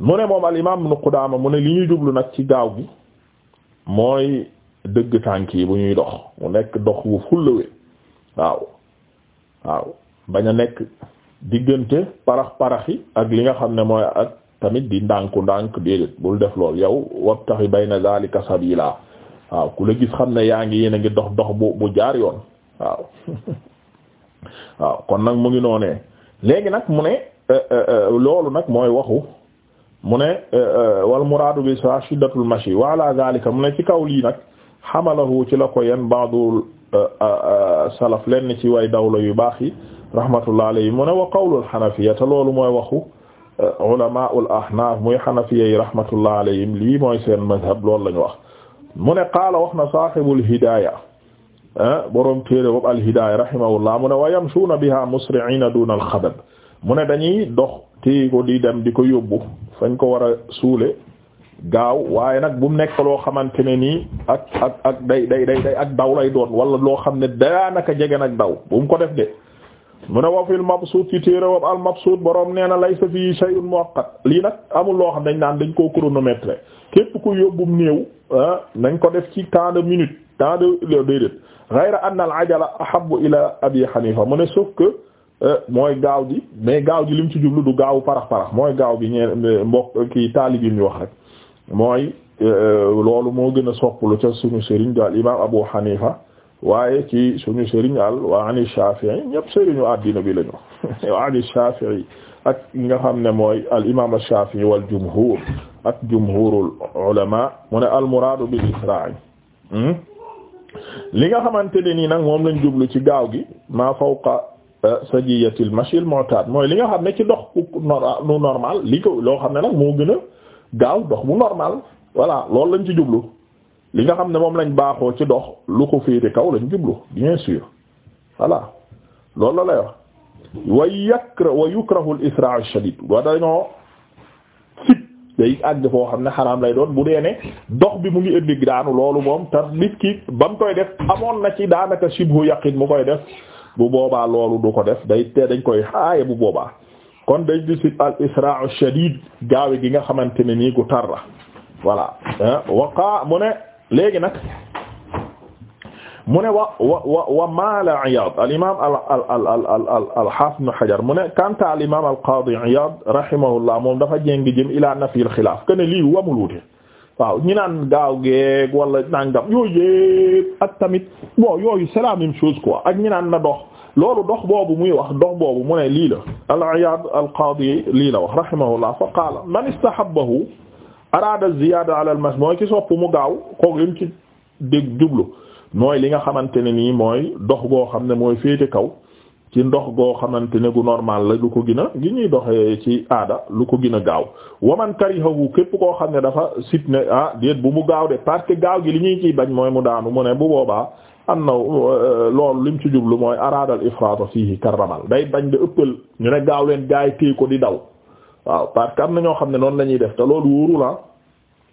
mu ne moom al imaam Ibn Qudaama mu ne li ñuy jublu nag ci gaaw gi mooy dëgg tànk yi bu ñuy dox mu nekk dox wu fullawee waaw waaw bañ a nekk diggante parax parax ak li nga xam ne mooy ak tamit di ndànku ndànk déedéet bul def lool yow wabtaxi bayna zalika sabila waaw ku la gis xam ne yaa ngi yéen a ngi dox dox bu bu jaar yoon waaw waaw kon nag mu ngi noonee léegi nag mu ne euh, euh, euh, loolu nag mooy waxu mu ne eh, eh, wal muraadu bi sa shiddatul mashi wa ala zalika mu ne ci kaw lii nag xamalahu ci la ko yen ba'dul eh, salaf lenn ci way dawla yu baax yi rahmatullah alayhi mu ne wa qawlul xanafiya te loolu mooy waxu ulamaul ahnaf muy xanafiya yi rahmatullah alayhim lii mooy seen mazhab loolu la ñu wax mu ne qaala wax na sahibul hidaya boroom téere boobu al hidaya rahimahullah mu ne wa yamshuuna biha musri'ina duna al xabab mu ne dañuy dox téye ko di dem di ko yóbbu fañ ko war a suule gaaw waaye nag bu mu nekk loo xamante ne nii ak ak day day day ak daw lay doon wala loo xam ne daanaka jege nag daw bu mu ko def de mu ne wa fil mabsuut ci téere wa al mabsuut boroom nee na laysa fii shay'un muwaqqat lii nag amul loo xam dañ naan dañ ko chronométrer képp ku yóbbum néew ah, nañ ko def ci temps de minute temps de déedéet ghayra anna al ajala ahabbu ila abi hanifa mu ne sauf Euh, mooy gaaw gi mais gaaw ji lim ci jublu du gaaw parax parax mooy gaaw bi ñee euh, mbokk kii taalib yi wax rek mooy euh, loolu moo gën a sopplu ca suñu sëriñ di al imaam Abu Hanifa waaye ci suñu sëriñ al wa ani Shafi'i ñëpp sëriñu addina bi lañu wa ani Shafi'i nga xam ne mooy al imaam Shafi'i wal jumhur ak jumhurul ulama mu al muraadu bil israa' hmm? li nga xamante ne nii nag moom lañ jublu ci gaaw gi ma fawqa sajiyatil mashil mu'tad mooy li nga xam ne ci dox bu normal li ko loo xam ne nag moo gën a gaaw dox bu normal voilà loolu lañ ci jublu li nga xam ne moom lañ baaxoo ci dox lu ko féete kaw lañ jublu bien sûr voilà loolu la lay wax wa yakra wa yukrahu al isra' ash-shadid wa dañoo sit day foo xam ne xaraam lay doon bu dee ne dox bi mu ngi indi daanu loolu moom te ki ba mu koy def amoon na ci daanaka shibhu yaqin mu koy def bu boobaa loolu du ko def day te dañ koy xaaye bu boobaa kon dañ di sit al isra'u shadid gaawe gi nga xamante ne nii gu tar la voilà waqaa mu ne léegi nag mu ne wa wa wa wa maala Iyaad al imaam al al al al al al Haafiz ibn Hajar mu ne Kanta al imaam al qaadi Iyaad rahimahullah moom dafa jéng jëm ilaa nafyil xilaaf que ne lii wamul wuute waaw ñi naan gaaw geeg walla nangam yooyu yëpp ak tamit bon yooyu c'est la même ak ñi naan na dox loolu dox boobu muy wax dox boobu mu ne lii la al-Iyaad al lii la wax rahimahullah fa qaala man ziyaada ala al-mash mooy ci mu gaaw koog lim ci dégg jublu mooy li nga xamante ne nii mooy dox goo xam ne mooy féete kaw ci ndox goo xamante ne gu normal la lu ko gën a gi ñuy doxee ci aada lu ko gën gaaw waman kar karihahu képp koo xam ne dafa sit ne ah déet bu mu gaaw de parce que gaaw gi li ñuy kii bañ mooy mu daanu mu ne bu boobaa am na euh, loolu lim ci jublu mooy araadal ifraata fiihi karramal day bañ de ëppal ñu ne gaaw leen gaay téye ko di daw waaw parce que am na ñoo xam ne noonu lañuy def te loolu wóoru la ah.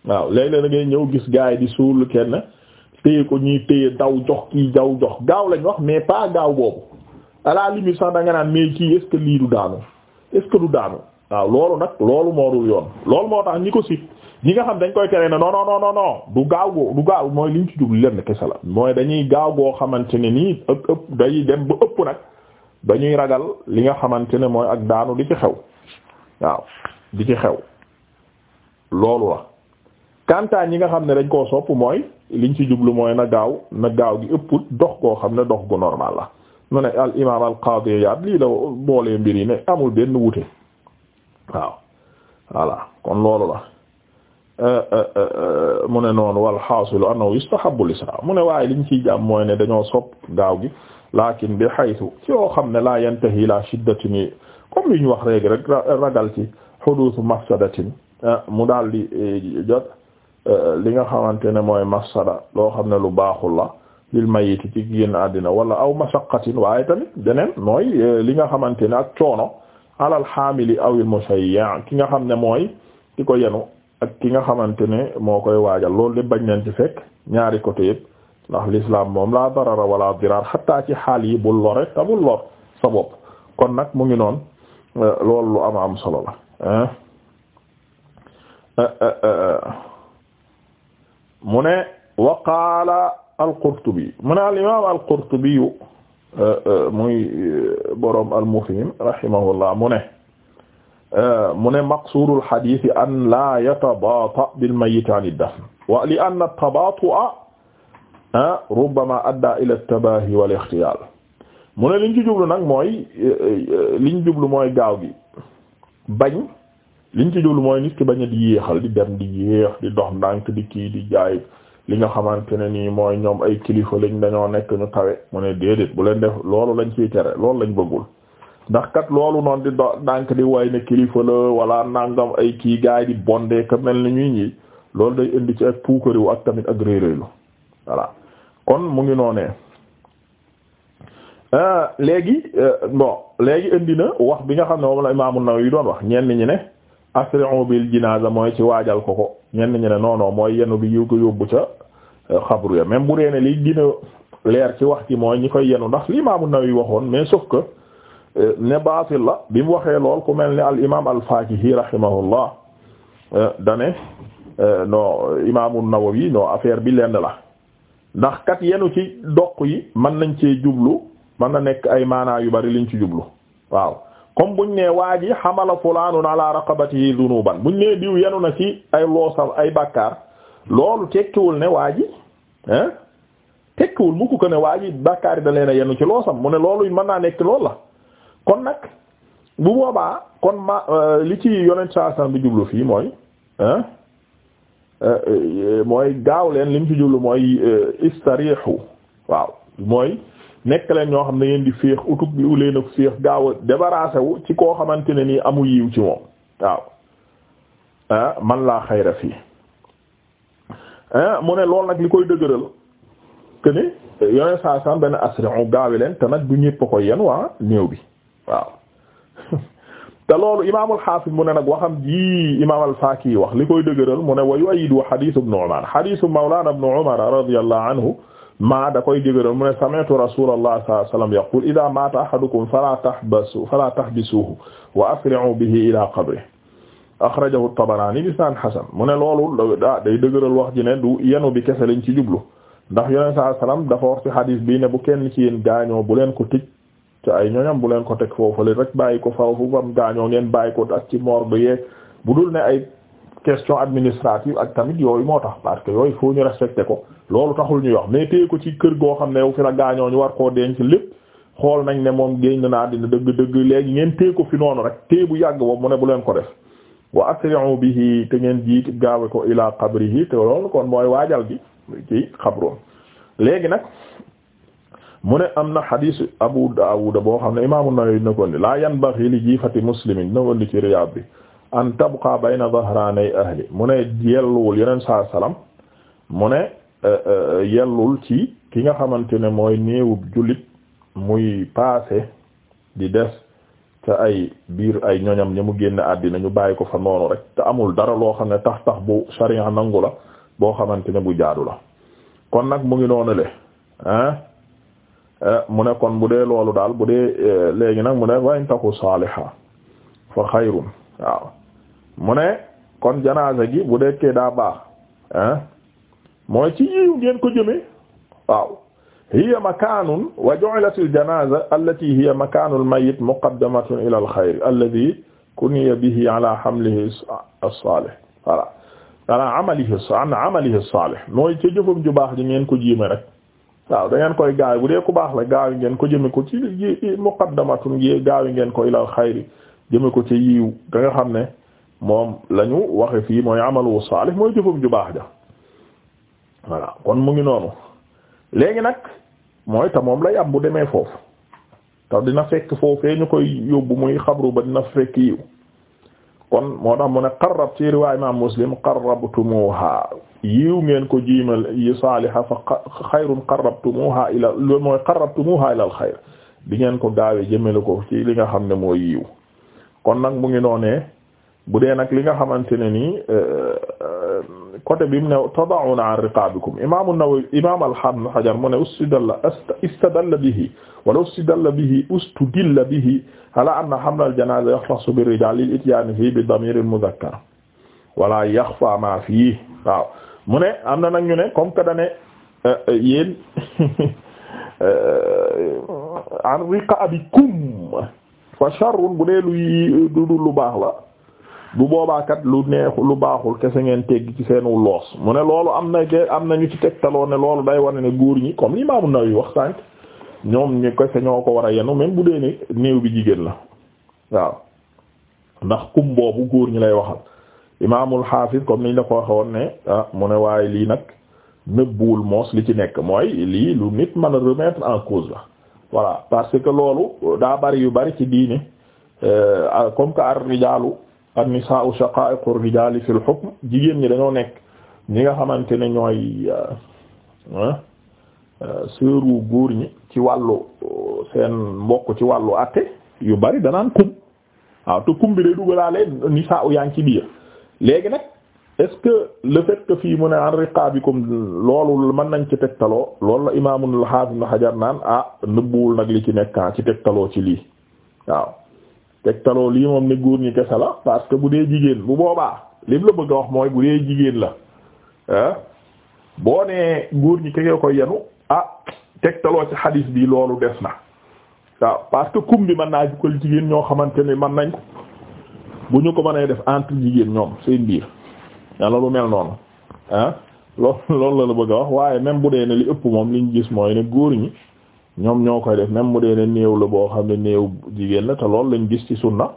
waaw léeg na ngay ñëw gis gaay di suul kenn téye ko ñuy téye daw jox kii jox gaaw lañ wax mais pas gaaw boobu à la sax da nga naan mais kii est lii du daanu est du daanu waaw loolu nag loolu moo dul yoon loolu moo tax ñi ko sit ñi nga xam dañ koy tere ne non non non non du gaaw goo du gaaw mooy liñ ci jublu kese la mooy dañuy gaaw goo xamante ne nii ëpp day dem ba ëpp nag dañuy ragal li nga xamante ne mooy ak daanu di ci xew waaw ci xew loolu la kantaan ñi nga xam ne dañ koo sopp mooy liñ ci jublu mooy na gaaw na gaaw gi ëpp dox goo xam ne dox gu normal la mu ne al imaam al qaadi mbir yi ne amul benn wute waaw voilà kon loolu la mu ne noonu wal xaasilu annahu yustahabbu al isra waaye liñ ciy jàmm mooy ne dañoo sopp gaaw gi lakin bi haythu ci yoo xam ne laa yantahi ila shiddatin comme li wax léegi rek ragal ci huduusu mafsadatin mu daal di e, jot li nga xamante ne mooy mafsada loo xam ne lu baaxul la lil mayiti ci génn àddina wala aw masaqatin waaye tamit beneen mooy e, li nga xamante ne ak coono alal xaamili awil musayya ki nga xam ne mooy ki ko yenu ak ki nga xamante ne moo koy waajal loolu de bañ leen ci fekk ñaari côté yëpp ndax l'islam moom la darara wala dirar xatta ci xaal yi bul lore te bul lor sa bopp kon nag mu ngi noon e, lool lu am am solo la e, mu ne waqaala al-Qurtubi mu ne al-imaam al euh, euh, muy euh, boroom al-Mufhim rahimahullah mu ne mu ne maqsuurul hadiis an laa yatabaata bil-mayyit an ad wa li anna at-tabaatu'a ah, rubbamaa addaa ilaa at-tabaahi wal-ixtiyaal mu ne liñ jublu nag mooy liñ jublu mooy gaaw gi bañ liñ ci jublu mooy nit ki bañ a di yéexal di di yéex di dox di kii di jaay. li nga xamante ne nii mooy ñoom ay kilifa lañ dañoo nekk ñu tawe mu ne déedéet bu leen def loolu lañ ciy tere loolu lañ bëggul ndax kat loolu noon di dànk di way ne kilifa la wala nangam ay kii gaay di bondé ka mel ni ñuy ñi loolu day indi ci ak puukariwu ak tamit ak réeréelu voilà kon mu ngi noonee euh, léegi euh, bon léegi indi na wax bi nga xam ne moom la Imaam An-Nawawi doon wax ñenn ñi ne asri'u bil jinaza mooy ci waajal ko ko ñenn ñi ne noonoo mooy yenu bi yu ko yóbbu ca euh, xabru ya même bu dee ne li leer ci wax ci mooy ñi koy yenu ndax li imaamu Nawawi waxoon mais sauf que euh, ne baatil la bi mu waxee lool ku mel ni al imaam al Faakihi rahimahullah euh, dane non imaamu Nawawi non affaire bi lenn la ndax kat yenu ci doq yi mën nañ cee jublu mën na nekk ay maanaa yu bari liñ ci jublu waaw. comme buñ ne waa ji xamala fulaanun ala raqabatihi dunuban buñ ne diw yenu na ci ay loosal ay bàkkaar loolu tekkiwul ne waa ji ah tekkiwul mu ko ne waa ji bàkkaar yi da leen yenu ci loosam mu ne loolu mën naa nekk loolu la kon nag bu boobaa kon ma euh, li ci yonent saa san bi jublu fii mooy ah mooy gaaw leen li mu ci jublu mooy istarihu waaw mooy nekk leen ñoo xam ne ngeen di féex utub li leen ak féex gaaw a débarrassé wu ci koo xamante ne nii amul yiw ci moom waaw ah, man laa xayra fii ah, mu ne loolu nag li koy dëgëral que ni yoneen saa san benn asri'u gaawi leen te nag du ñëpp ko yen waa ah, néew bi waaw te loolu imaamul xaafis mu ne nag waxam ji imaam al-Faaki wax li koy dëgëral mu ne wa yu'ayyidu xadiisu ibnu Umar xadiisu mawlaana ibnu Umar radiyallahu anhu maa da koy dëgëral mu ne sami'tu rasulallah sallallahu alayhi wasallam yaqul idha mata ahadukum fala tahbasu fala tahbisuhu wa asri'u bi ila qabrihi akhrajahu at-Tabarani bi sanad hasan mu ne loolu daa day dëgëral wax ji ne du yenu bi kese lañ ci jublu ndax yonent sallallahu alayhi wasallam dafa wax ci bi ne bu kenn ci yéen gaañoo bu leen ko tëj te ay ñoñam bu leen ko teg foofu rek bàyyi ko fawfu bam gaañoo ngeen bàyyi ko ak ci morgue yeeg bu dul ne ay question administrative ak tamit yooyu moo tax parce que yooyu foo ñu respecté ko loolu taxul ñuy wax mais téye ko ci kër goo xam ne yow fi la ñu war koo denc lépp xool nañ ne moom génn naa dina dëgg dëgg léegi ngeen téye ko fi noonu rek téye bu yàgg boobu mu ne bu leen ko def wa asri'u bihi te ngeen jiit gaawe ko ila qabrihi te loolu kon mooy waajal bi ci xabroom léegi nag mu ne am na xadiis Abu Daawud boo xam ne imaamu Nawawi na ko ni laa yanbaghi li jiifati muslimin na bi an tabqa bayna dhahranay ahli mu ne yelluwul yeneen saa salaam mu ne eh, eh, yellul ci ki nga xamante ne mooy néewub julit muy passé di des ca ay biir ay ñoñam ña mu génn àddina ñu bàyyi ko fa noonu rek te amul dara loo xam ne tax tax bu sariya nangu la boo xamante ne bu jaadu la kon nag mu ngi noonu le eh, mu ne kon bu dee loolu daal bu dee léegi nag mu ne wayn taxu saaliha fa xayrun waaw mu ne kon janaasa gi bu dekkee daa baax ah mooy ci yiw ngeen ko jëmee waaw hiya makaanun wa ju'ilat al janaza allati hiya makaanu al mayit muqaddamatun ila al xayr alladi kuniya bihi ala hamlihi as-salih voilà ala amalihi an amalihi as-salih mooy ci jëfam ju baax ji ngeen ko jiime rek waaw da ngeen koy gaaw bu dee ku baax la gaaw ngeen ko jëme ko ci muqaddamatun gaaw ngeen ko ila al xayr jëme ko ci yiw da nga xam ne moom lañu ñu fii mooy amalu saalih mooy jëfam ju baax ja voilà kon mu ngi noonu léegi nag mooy te moom lay am bu demee foofu te dina fekk foofee ñu koy yóbbu muy xabru ba dina fekk yiw kon moo tax mu ne qarrab ci riwaay imam muslim qarrabtumuha yiw ngeen ko jiimal yi saaliha fa xayrun qarrabtumuha ila loolu mooy qarrabtumuha ila al xayr ngeen ko gaawe jëmale ko ci li nga xam ne mooy yiw kon nag mu ngi noonee bu dee nag li nga xamante ne nii euh, euh, côté bi mu ne an riqabikum imam an Hajar mu ne ustidalla istadalla bihi wala istadalla bihi ustudilla bihi ala anna hamla al-janaza yaxtassu bir-rijal lil-ityan fihi bi damir al-mudhakkar wala yaxfa ma fihi waaw mu ne am na ñu ne comme euh, an riqabikum fa sharrun bu dee lu du lu baax bu boobaa kat lu neexu lu baaxul kese ngeen teg ci seenu loos mu ne loolu am na ke am na ñu ci tegtaloo ne loolu day wane ne góor ñi comme li Imaamu Nawawi wax sànq ñoom ñu kese ñoo ko war a yenu même bu dee ne néew bi jigéen la waaw ndax kum boobu góor ñi lay waxal Imaamul Hafiz comme niñ la ko waxee woon ne ah mu ne waaye lii nag nëbbuwul moos li ci nekk mooy lii lu nit mën a remettre en cause la voilà parce que loolu daa bari yu bari ci diine euh, comme que ar rijaalu an-nisaa'u shaqaa'iqu rijaali fil hukm jigéen ñi dañoo nekk ñi nga xamante ne ñooy euh, euh, sëru góor ñi ci wàllu seen mbokk ci wàllu àtte yu bari danaan kum waaw te kum bi day dugalaale nisaa'u yaa biir léegi nag est-ce que le fait que fii mu ne an riqaabikum loolu mën nañ ci tegtaloo loolu la imaamul xaafis na xajar naan ah nëbbuwul nag li ci nekkan ah, ci tegtaloo ci lii waaw tegtaloo lii moom ne góor ñi kese la parce que bu dee jigéen bu boobaa lim la bëgg a wax mooy bu dee jigéen la ah boo nee góor ñi kese ko yenu ah tegtaloo ci xadiis bi loolu des na waaw parce que kum bi mën naa jukkal jigéen ñoo xamante ne mën nañ ko bu ñu ko mënee def entre jigéen ñoom seen biir yàlla lu mel noonu lool loolu loolu la la bëgg a wax waaye même bu dee ne li ëpp moom li ñu gis mooy ne góor ñi. ñoom ñoo koy def même mu dee ne néew la boo xam ne néew jigéen la te loolu lañu gis ci sunna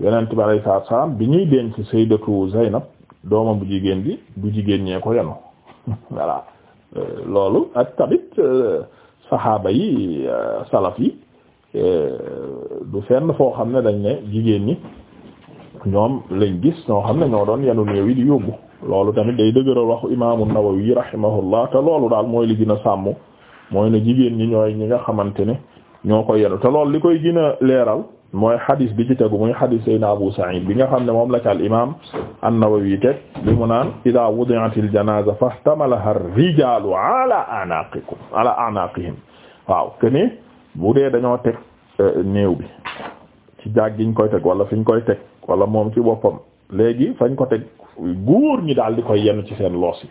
yonent bi alayhi salaatu salaam bi ñuy denc sayyidatu Zaynab doomam bu jigéen bi bu jigéen ñee ko yenu voilà euh, loolu ak tamit euh, saxaaba yi euh, salaf yi du fenn foo xam ne dañ ne jigéen ñi ñoom lañ gis ñoo xam ne ñoo doon yenu néew yi di yóbbu loolu tamit day dëgëral waxu imaamu Nawawi rahimahullah te loolu daal mooy li gën a sàmm mooy ne jigéen ñi ñooy ñi nga xamante ne ñoo ko yenu te lool li koy gën a leeral mooy xadis bi ci tegu muy xadis sayna Abu Sa'id bi nga xam ne moom la ca al imam an-Nawawi teg li mu naan ida wudi'atil janaza fahtamalaha ar-rijalu ala anaqikum ala anaqihim waaw bu dee dañoo teg eh, néew bi ci jaag giñ koy teg wala fiñ koy teg wala moom ci boppam léegi fañ ko teg góor ñi daal di koy yenn ci seen loos yi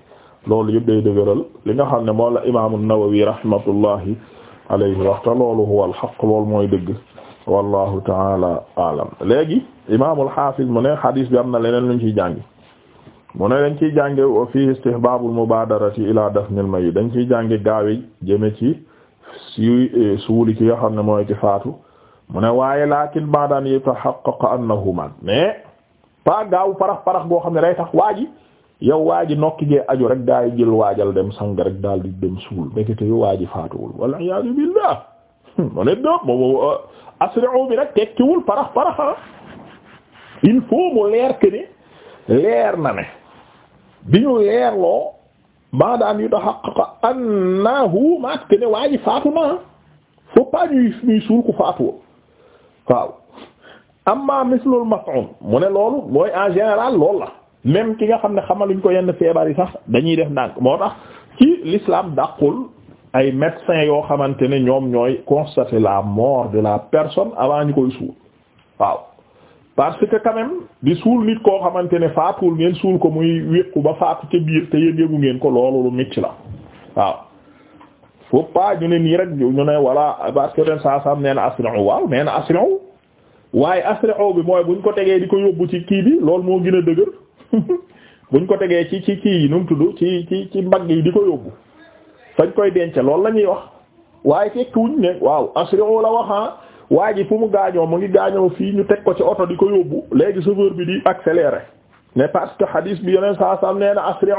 loolu yëpp day dëgëral li nga xam ne moo la imaamu Nawawi rahmatullahi alayhi waxta loolu huwa al haqq loolu mooy dëgg wallahu taala alam léegi imaamul hafiz mu ne hadis bi am na leneen luñ ciy jàngi mu ne dañ ciy jànge wa fii istihbaabul mubaadarati ila dafnil mayyit dañ ciy jànge gaawe jëme ci si e, suuli ki nga xam ne mooy ci faatu mu ne waaye lakin ba'da an yatahaqqaqa annahu mat mais pas gaaw parax parax boo xam ne day tax waaji yow waa ji nokki gee aju rek daa jël waajal dem sang rek daal di dem suul nekkite yu waa ji faatuwul walla iyaazu billaah mu ne dëpp moom uh, asri'u bi rek tekkiwul parax paraxa ah. il faut mu leer que ni leer na ne bi ñu leerloo maa daan yu tahaqqaqa annahu maat que ne waa faatu na ah. faut ñuy suul ku faatuwul waaw amma mislul mat'um mu ne loolu mooy en général loolu la même ki nga xam ne xamaluñ ko yenn feebar yi sax dañuy def ndànk moo tax ci l'islam dàqul ay médecins yoo xamante ne ñoom ñooy constater la mort de la personne avant ñu koy suul waaw parce que quand di suul nit koo xamante ne faatuwul ngeen suul ko muy wéqu ba faatu ca biir te yéen ngeen ko loolu lu métti la waaw ñu ne nii ñu ne voilà parce que ren saa saam nee na asri'u waaw nee na asri'u waaye asri'u bi mooy bu ñu ko tegee di ko yóbbu ci kii bi loolu moo gën a dëgër. bu ñu ko tegee ci ci kii yi nu mu tudd ci ci ci mbagg yi di ko yóbbu fañ koy denc loolu la ñuy wax waaye tekkiwuñ ne waaw assuré la waxa ah. waa ji fu mu gaañoo mu ngi gaañoo fii ñu teg ko ci oto di ko yóbbu léegi chauffeur bi di accélérer mais parce que hadis bi yeneen saa sam nee na assuré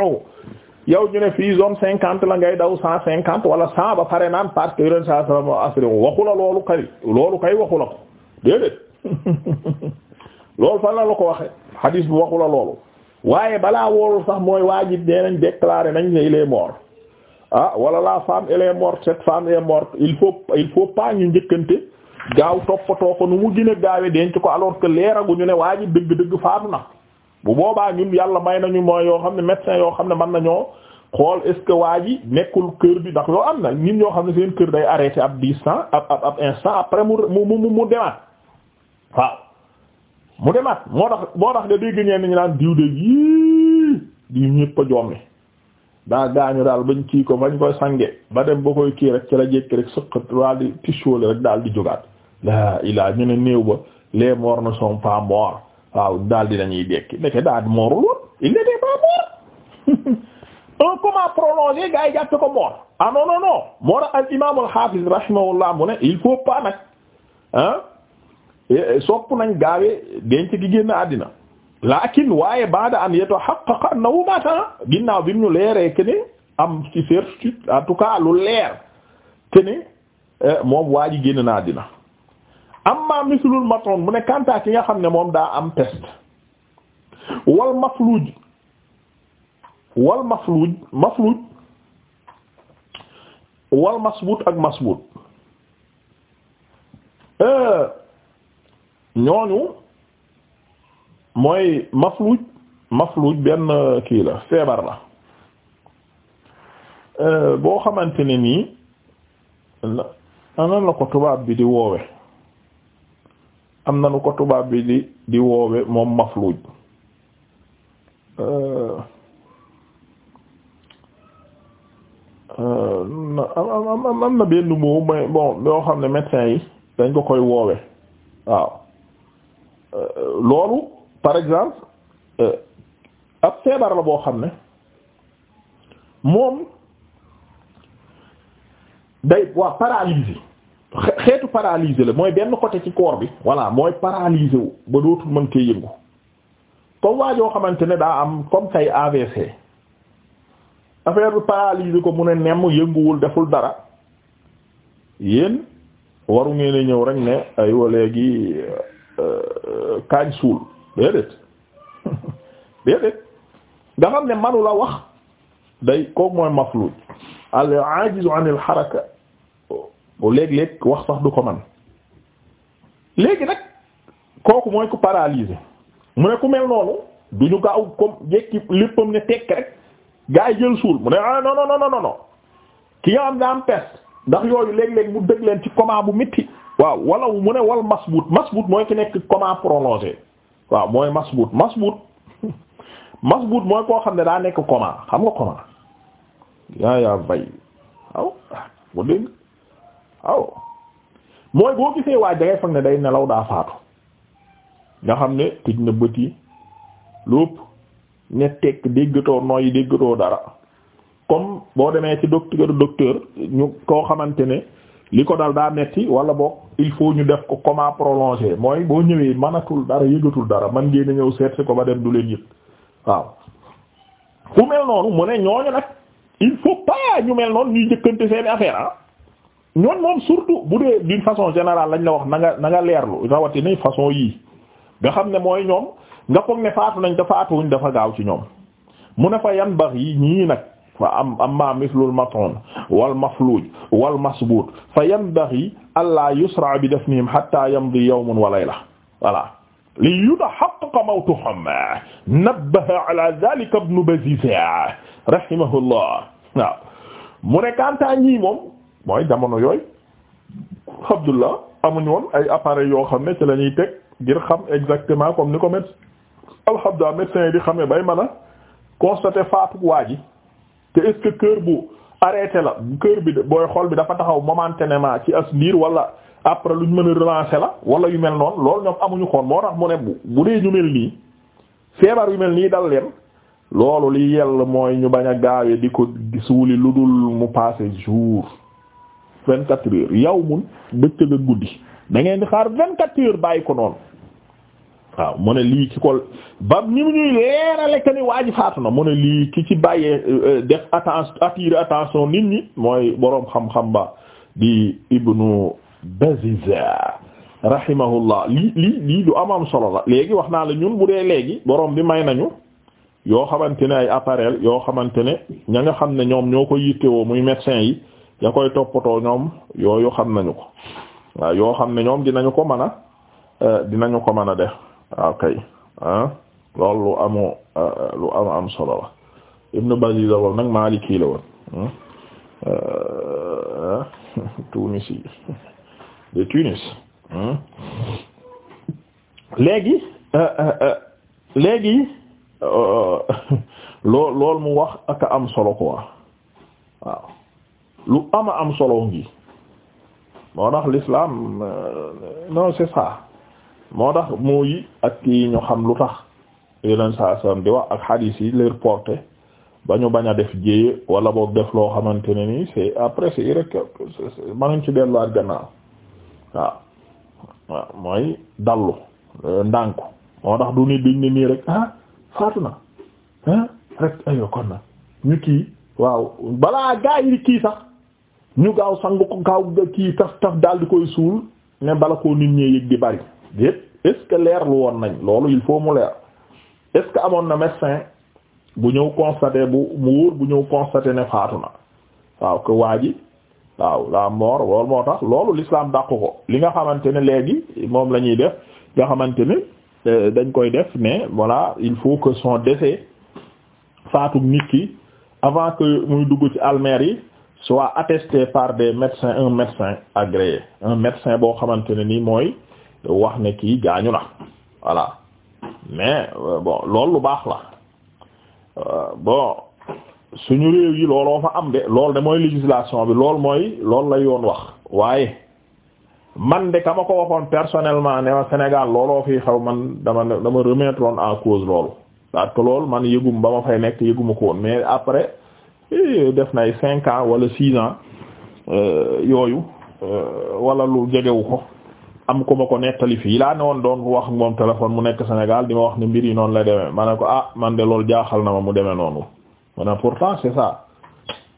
yow ñu ne fii zone cinquante la ngay daw cent cinquante wala cent ba pare naan parce que yeneen saa sam assuré waxu la loolu kay loolu kay waxu la ko déedéet loolu fan la ko waxee hadis bi waxu la waaye balaa wóorul sax mooy waajib nee nañ déclaré nañ ne il est mort ah wala la femme elle est morte cette femme est morte il faut il faut pas ñu njëkkante gaaw toppatoo ko nu mu gën a gaawe denc ko alors que leeraguñu ne waajib dëgg-dëgg faatu na bu boobaa ñun yàlla may nañu mooy yoo xam ne médecin yoo xam ne mën nañoo xool est-ce que waa ji nekkul kër bi ndax yoo am na ñun yoo xam ne seen kër day arrêté ab dix cent ab ab ab instant après mu mu mu mu demaat waaw. mu demaat moo tax moo tax nga dégg ñeen ñu naan diw de yii diw ñëpp a joom daa gaañu daal bañ kii ko bañ koy sange ba dem ba koy kii rek ci la jékki rek sëqat daal di tissuole rek daal di jógaat laa ilaa ñu ne néew ba les morts ne sont pas morts waaw daal di nañuy dekki ndeke daal di moorul woon il pas mort un comment prolonger gars jàppe ko mort ah non non non moo tax hafiz rahimahullah mu ne il faut pas nag ah sopp nañ gaawee denc gi génn àddina laakin waaye baada an yatahaqqaqa annahu mata ginnaaw bi ñu leeree que ne am ci certitude en tout cas lu leer que ne eh, moom waa ji génn na àddina amma mislul mat'un mu ne kanta ki nga xam ne moom daa am test wal mafluuj wal mafluuj mafluuj wal masbuut ak masbuut eh, ñooñu mooy mafluuj mafluuj benn kii la feebar la euh, boo xamante ne nii anan la ko tubaab bi di woowe am na nu ko tubaab bi di di woowe moom mafluuj euh, euh, am am am na benn mot mais bon yoo xam ne médecin yi dañ ko koy woowe waaw Euh, loolu par exemple euh, ab feebar la boo xam ne moom day waa paralysé xeetu paralysé la mooy benn côté ci koor bi voilà mooy paralysé wu ba dootul mën koy yëngu comme waa xamante ne daa am comme kay AVC affaire bi paralysé ko mu ne nemm yënguwul deful dara yéen waru ngeen ñëw rek ne aywa léegi. kaañ suul déedéet déedéet nga xam ne manu wax day kooku mooy mafluuj al aajizu an al bu léeg-léeg wax sax du ko man léegi nag kooku mooy ku paralysé mu ne ku mel noonu du ñu gaaw comme jekki léppam ne tekk rek gaa yi jël suul mu ne ah non non non ki nga am nga am peste ndax yooyu léeg-léeg mu dëgg leen ci coma bu métti waaw wala mu ne wal masbut masbut mooy ki nekk comment prononcé waaw mooy masbut masbut masbut mooy koo xam ne daa nekk comment xam nga comment yaa yaa bay waaw mooy boo gisee waaj da ngay ne day nelaw daa faatu nga xam ne tëj na bët yi lépp ne tekk déggatoo nooy déggatoo dara comme boo demee ci docteur docteur ñu koo xamante ne li ko dal daa metti wala boog il faut ñu def ko comment prolonger mooy boo ñëwee manatul dara yëgatul dara man ngeen a ñëw seet si ko ba dem du leen yëg waaw ku mel noonu mu ne ñooñu nag il faut pas ñu mel noonu ñuy njëkkante seeni affaire ah ñoon moom surtout bu dee d'une façon générale lañ la wax nanga nanga na nga leerlu rawatina façon yii nga xam ne mooy ñoom nga foog ne faatu nañ te faatuwuñ dafa gaaw ci ñoom mu ne fa yan bax yi ñii nag. fa am amma mislul mat'un wal mafluuj wal masbuut fa yanbaghi allaa yusra bi dafnihim hatta yamdi yawmun wa layla voilà li yutahaqqaqa mawtuhum nabbaha ala dhalika ibn Baziz rahimahullah waaw mu ne kantaa ñii moom mooy jamono yooyu Abdullah amuñu woon ay appareil yoo xam ne ci la ñuy teg ngir xam exactement comme ni ko médecin alhamdulilah médecin yi di xamee bay mën a constater faatu waa ji te est-ce que cœur bu arrêté la cœur bi booy xol bi dafa taxaw momentanément ci as biir wala après luñ mën a relancer la wala yu mel noonu loolu ñoom amuñu koon moo tax mu ne bu bu dee ñu mel nii feebar yu mel nii dal leen loolu li yell mooy ñu bañ a gaawee di ko suuli lu dul mu paase jour vingt-quatre heures yow mun bëccëg ak guddi da ngeen di xaar vingt-quatre heures bàyyi ko noonu waaw mu ne lii ci ko ba ni mu na mu ne lii ki ci bàyyee euh, euh, def attention attirer attention nit ñi mooy boroom xam-xam ba di ibnu Baziza rahimahullah lii lii lii am am solo la léegi wax naa la ñun bu dee léegi boroom bi may nañu yoo xamante ne ay appareil yoo xamante ne ña nga xam ne ñoom ñoo ko yittewoo muy médecin yi ya koy toppatoo ñoom yooyu xam nañu ko waaw yoo xam ne ñoom dinañu ko mën a euh, dinañu ko mën a def waaw ah, kay ah, lu amu ah, lu am am solo la ibnu Baziz la woon nag Maliki la woon Tunisi de Tunis hmm? léegi léegi loo lool mu wax ak am solo quoi waaw lu ama am solo ngi moo tax l'islam euh, non c'est ça moo tax moo yi ak kii ñu xam lu tax yeneen saa saam di wax ak hadith yi leur portée ba ñu bañ a def jéye wala boog def loo xamante ne nii c'est après c'est irrécupérable mënuñ ci delluwaat gannaaw waaw waaw mooy dallu euh, ndànku moo tax du nit duñ ne nii rek ah, faatu na ah rek ayo kon na ñu kii waaw balaa gaa yi kii sax ñu gaaw sangu ko gaaw kii taf taf dal di koy suul ne bala koo nit ñee yëg di bari déet est-ce que leerlu woon nañ loolu il faut mu leer est-ce que amoon na médecin bu ñëw constaté bu mu bu ñëw constaté ne faatu na waaw que waa ji waaw la mort loolu moo tax loolu l'islam dàq ko li nga xamante ne léegi moom la ñuy def nga xamante ne euh, dañ koy def mais wala il faut que son décès faatu nit ki avant que muy dugg ci almere yi soit attesté par des médecins un médecin agréé un médecin boo xamante ne nii mooy wax ne kii gaañu na voilà mais euh, bon loolu lu baax la euh, bon suñu réew yi looloo fa am de loolu de mooy législation bi loolu mooy loolu la yoon wax waaye man de ka ma ko waxoon personnellement ne wax Sénégal looloo fi xaw man dama dama remettre woon en cause loolu parce que loolu man yëgum ba ma fay nekk yëguma ko woon mais après eh, def nay cinq ans wala six ans euh, yooyu wala lu jegewu ko am ku ma ko nettali fii laa ne woon doon wax moom téléphone mu nekk Sénégal di ma wax ne mbir yi noonu la demee ma ne ko ah man de loolu jaaxal na ma mu demee noonu ma ne pourtant c'est ça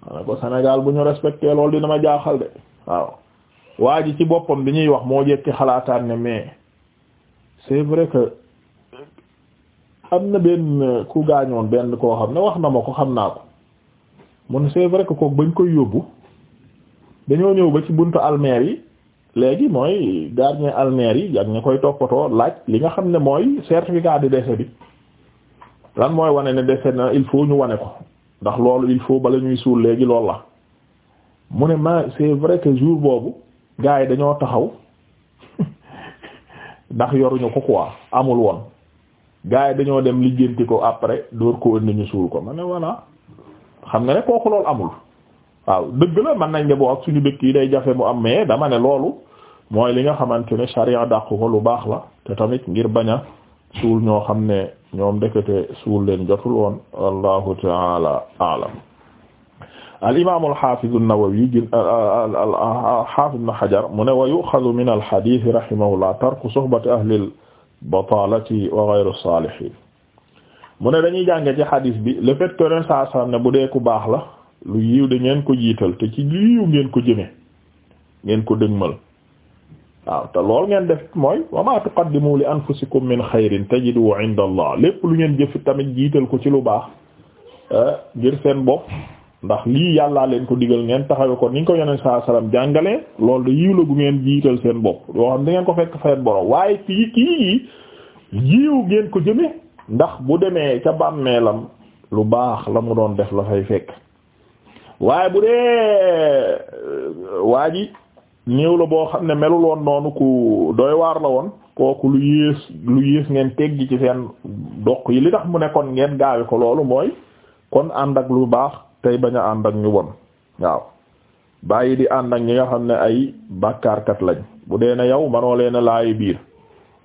ma Sénégal bu ñu respecté loolu dina ma jaaxal de waaw waa ji ci boppam bi ñuy wax moo jekki xalaataan ne mais c'est vrai que am na benn ku gaañoon benn koo xam ne wax na ma ko xam naa ko mun c'est vrai que kooku bañ koy yóbbu dañoo ñëw ba ci buntu almeer yi. léegi mooy gardien almeer yi ak ñi koy toppatoo laaj li nga xam ne mooy certificat de décès bi lan mooy wane ne décès na il faut ñu wane ko ndax loolu il faut bala ñuy suul léegi loolu la mu ne ma c'est vrai que jour boobu gars yi dañoo taxaw ndax yoruñu ko quoi amul woon gars yi dañoo dem lijjanti ko après door ko indi ñu suul ko ma ne wana xam nga ne kooku loolu amul. waaw dëgg la man nañ ne boo ak suñu yi day jafe mu am mais dama ne loolu mooy li nga xamante ne sharia dàq ko lu baax la te tamit ngir baña a suul ñoo xam ne ñoom ndekete suul leen jotul woon wallahu taala aalam al imam al hafiz an-Nawawi gin al hafiz mu ne wa yu'khadhu min al hadith rahimahullah tarku suhbati ahli al batalati wa ghayri as-salihin mu ne dañuy ci hadith bi le fait que ren saa ne bu dee ku baax la lu yiw de ngeen ko jiital te ci yiw ngeen ko jëme ngeen ko dëgmal waaw te lool ngeen def mooy wa ma tuqaddimu li anfusikum min xayrin tajidu inda allah lépp lu ngeen jëf tamit jiital ko ci lu baax eh, ngir seen bopp ndax lii yàllaa leen ko digal ngeen taxawe ko ni nga ko yeneen saa salaam jàngalee loolu de yiw la bu ngeen jiital seen bopp yoo xam da ngeen ko fekk seen borom waaye kii kii yiw ngeen ko jëme ndax bu demee ca bàmmeelam lu baax la mu doon def la fekk waaye bu dee euh, waa ji néew la boo xam ne melul noonu ku doy waar la woon kooku lu yées lu yées ngeen teggi ci seen doq yi li tax mu nekkoon ngeen gaawe ko loolu mooy kon ànd ak lu baax tey bañ a ànd ak ñu bon waaw bàyyi di ànd ak ñi nga xam ne ay bàkkaarkat lañ bu dee na yow manoo leen a laayu biir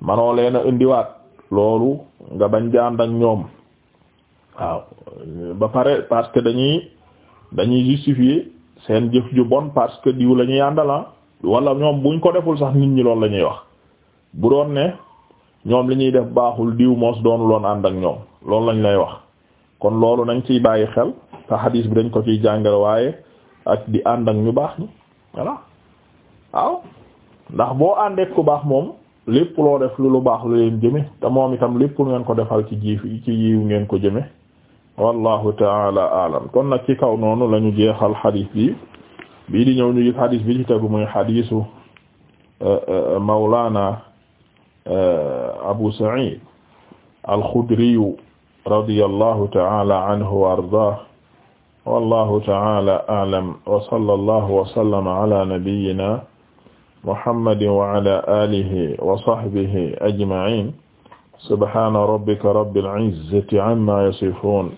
manoo leen a indiwaat loolu nga bañ di ànd ak ñoom waaw ba pare parce que dañuy dañuy justifier seen jëf yu bon parce que diw la ñuy àndalan ah. wala ñoom buñ ko deful sax nit ñi loolu lañuy wax bu doon ne ñoom li ñuy def baaxul diw moos doonu loon ànd ak ñoom loolu lañ lay wax kon loolu nañ ciy bàyyi xel te xadiis bi dañ ko ciy jàngal waaye ak di ànd ak ñu baax ñi voilà waaw ndax boo àndeek ku baax moom lépp loo def lu lu baax lu leen jëme te moom itam lépp lu ngeen ko defal ci jiif ci yiw ngeen ko jëme wallahu taala alam kon nag ci kaw noonu la ñu jeexal xadis bi bii di ñëw ñu gis xadis bi ci tegu muy xadisu euh, euh, mawlana euh, abu sa'id alxudriyu radiyallahu taala anhu wa ardah wallahu taala alam wa sallallahu wa sallama ala nabiyyina muhammadin wa ala alihi wa sahbihi ajma'in subhana rabbika rabbil izzati amma yasifun